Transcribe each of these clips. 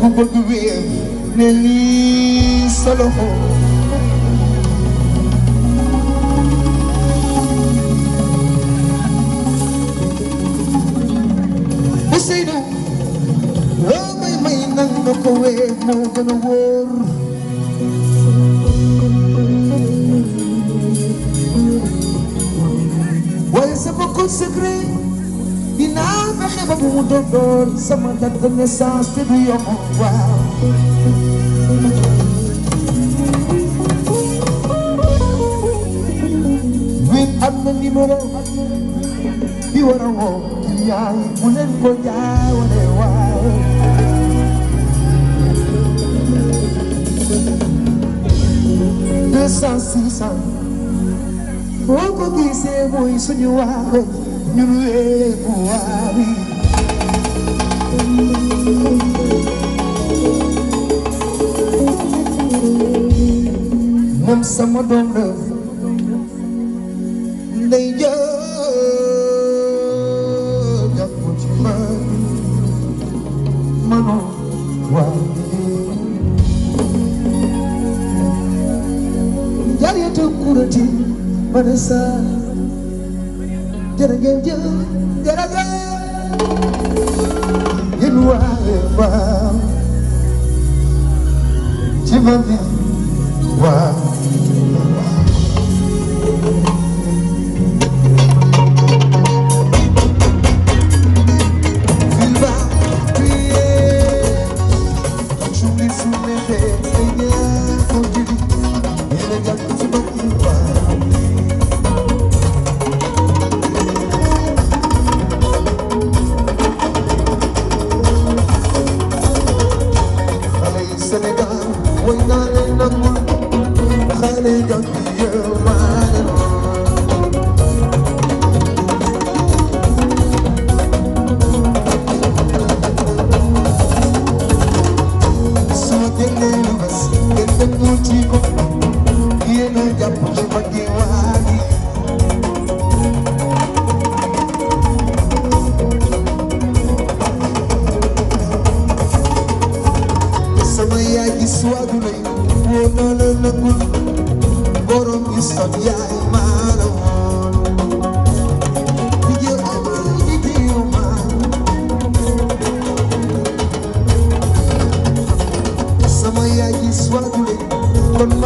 ku bëgg wéer ne lii sa loxo Ousseynou loo may may nang na moo gën bu mu sama date de naissance te du yomb waaw. huit am na numéro bi war a woo yaay bu leen ko jaawale waaw. deux cent six cent boo ko gisee mooy suñu waaw ñun wéeku waaw moom sama doom la ndey jëf jàpp ci ma mano waa jariyata kurati manasa jërëngeen jëf jërëngeen lu waaye waaw ci ba bi waaw way naa leen nangul xale yaa gis waa Dule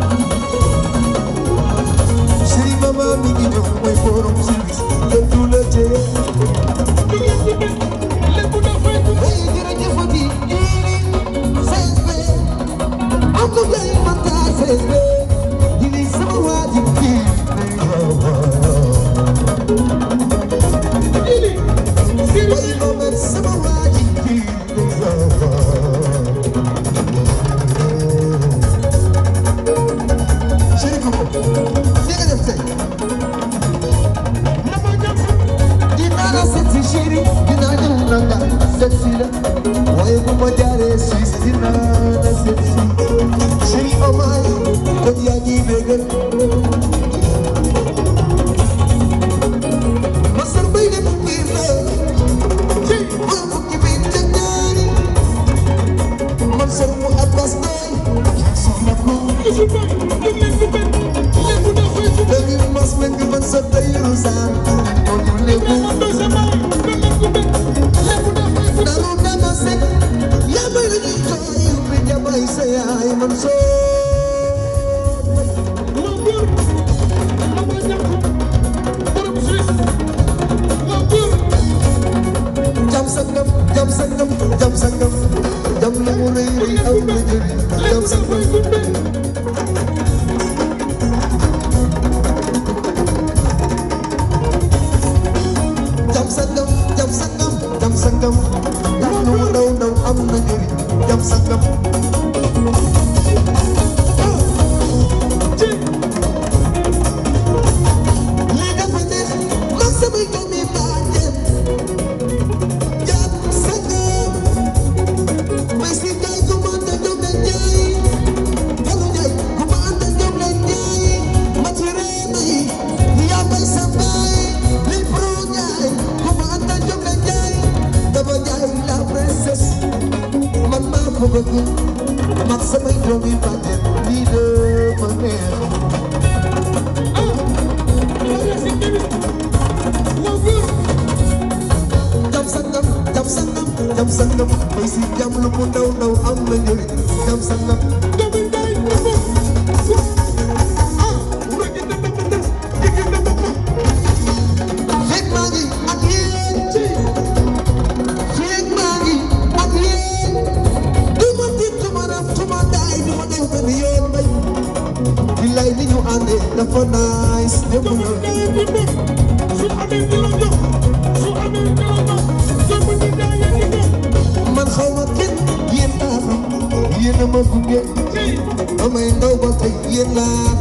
sangam bay si jàmm lu mu ndaw ndaw am na njëriñ jàmm sangam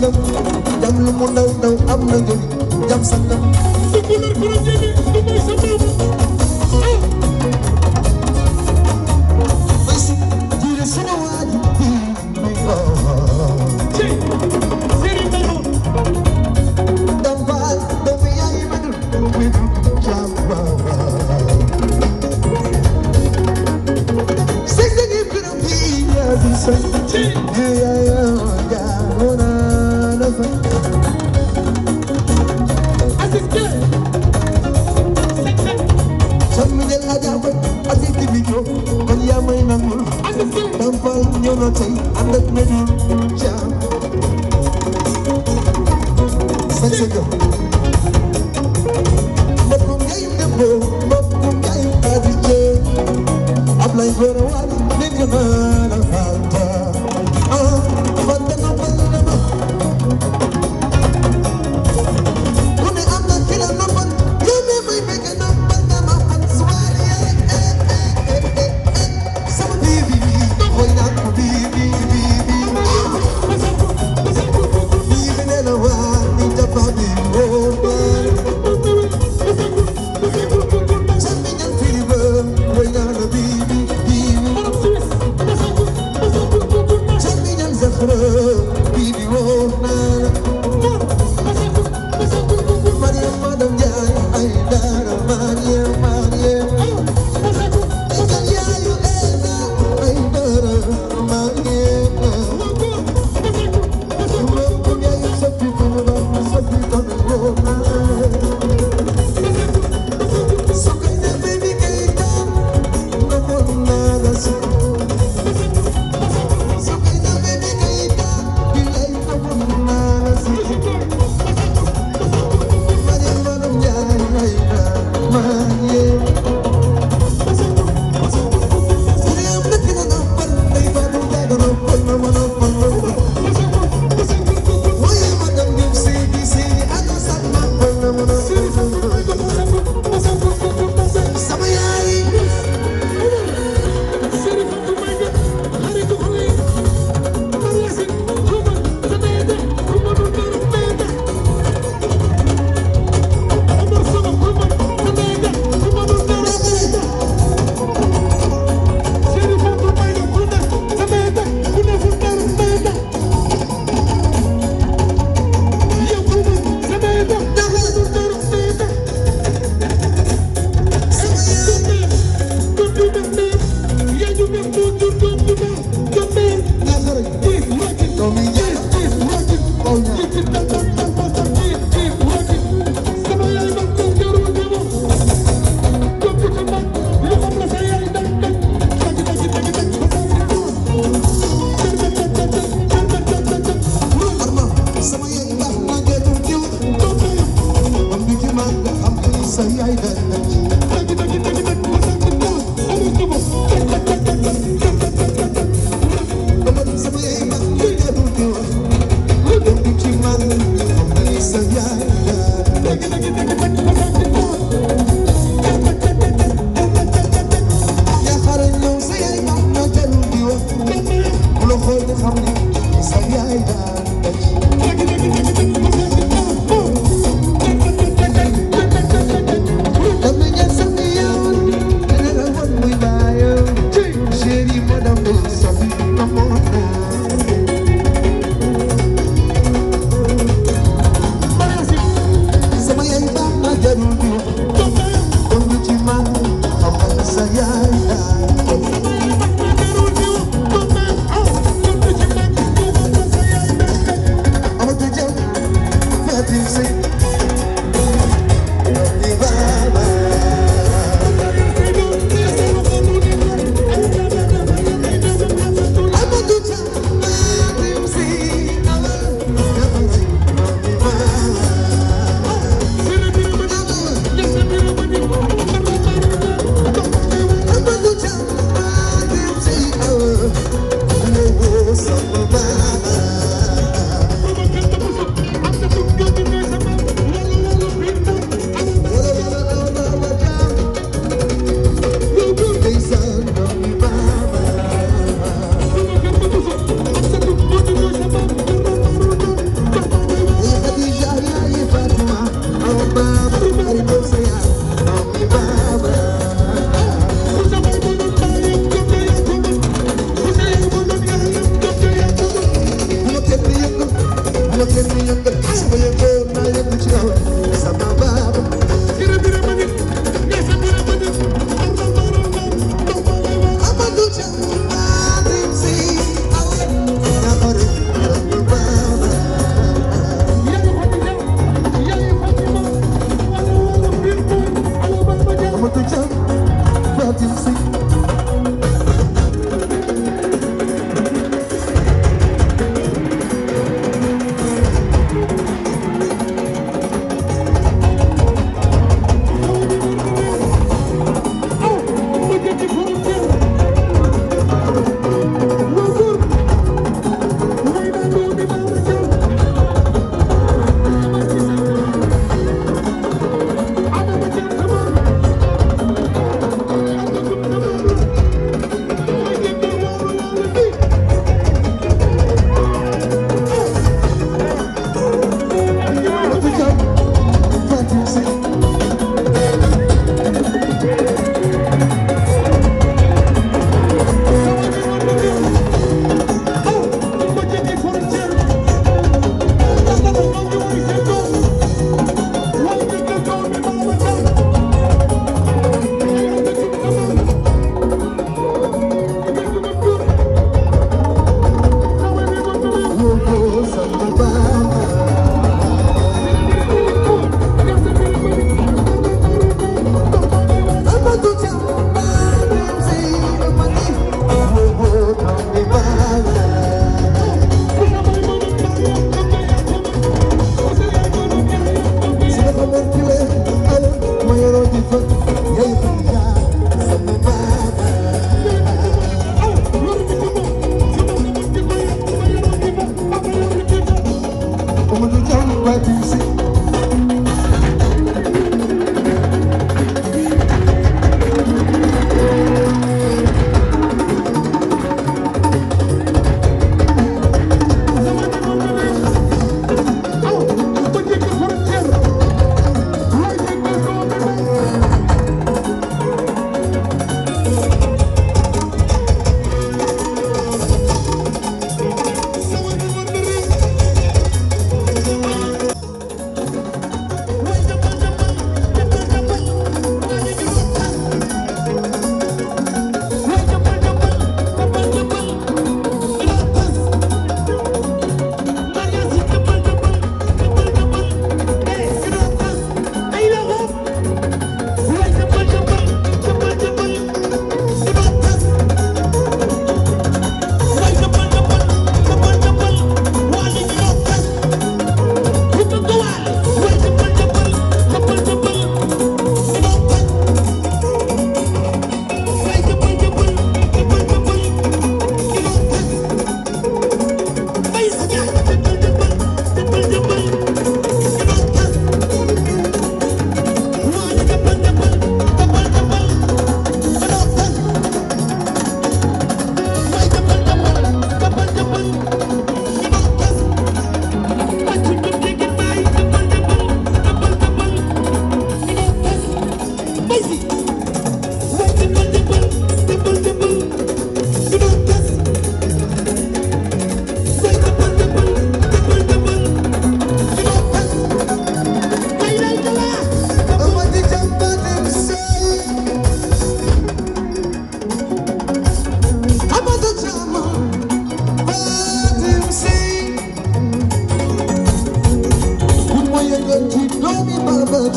sangam jam lu mu ndaw ndaw am na njëriñ jam sangam. الثروة من جمال الخلق أه فانت amor.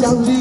Charlie.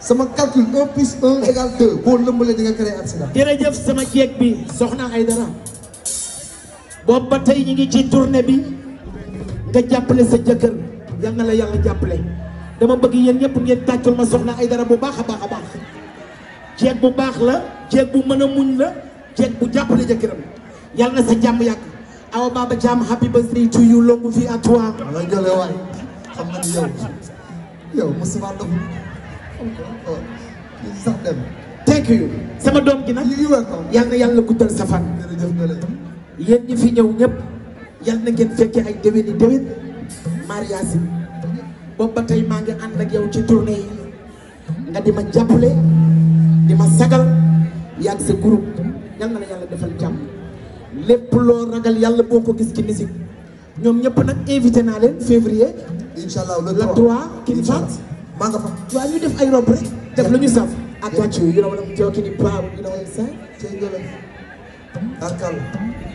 sama calcul 1 plus 1 égale 2 boo lëmbalee di nga créé accident. jërëjëf sama jeeg bi soxna ay dara boobu ba tey ñu ngi ci tournée bi nga jàppale sa jëkkër yal na la yàlla jàppale dama bëgg yéen ñëpp ngeen tàccul ma soxna ay dara bu baax a baax a baax jeeg bu baax la jeeg bu mën a muñ la jeeg bu jàppale jëkkëram yal na sa jàmm yàgg awa baba jàmm happy birthday to you longue vie à toi. waaw jëlee waay xam nga ni yow yow Moussa Ndoye. thank you sama doom gi nag yal na yàlla guddal sa fan ñi fi ñëw ñëpp yal na ngeen fekkee ay déwéni déwén mariage yi boobu ba maa ngi ànd ak yow ci tournée yi nga di ma jàppale di ma sagal yàgg sa groupe yal na yàlla defal jàmm lépp loo ragal yàlla boo ko gis ci musique ñoom ñëpp nag invité naa leen février. la 3 King maa nga fa. waaw ñu def ay rob rek. def lu ñu saf. I got you. You know what I'm talking about. You know what I'm saying? Take it. Alcalde.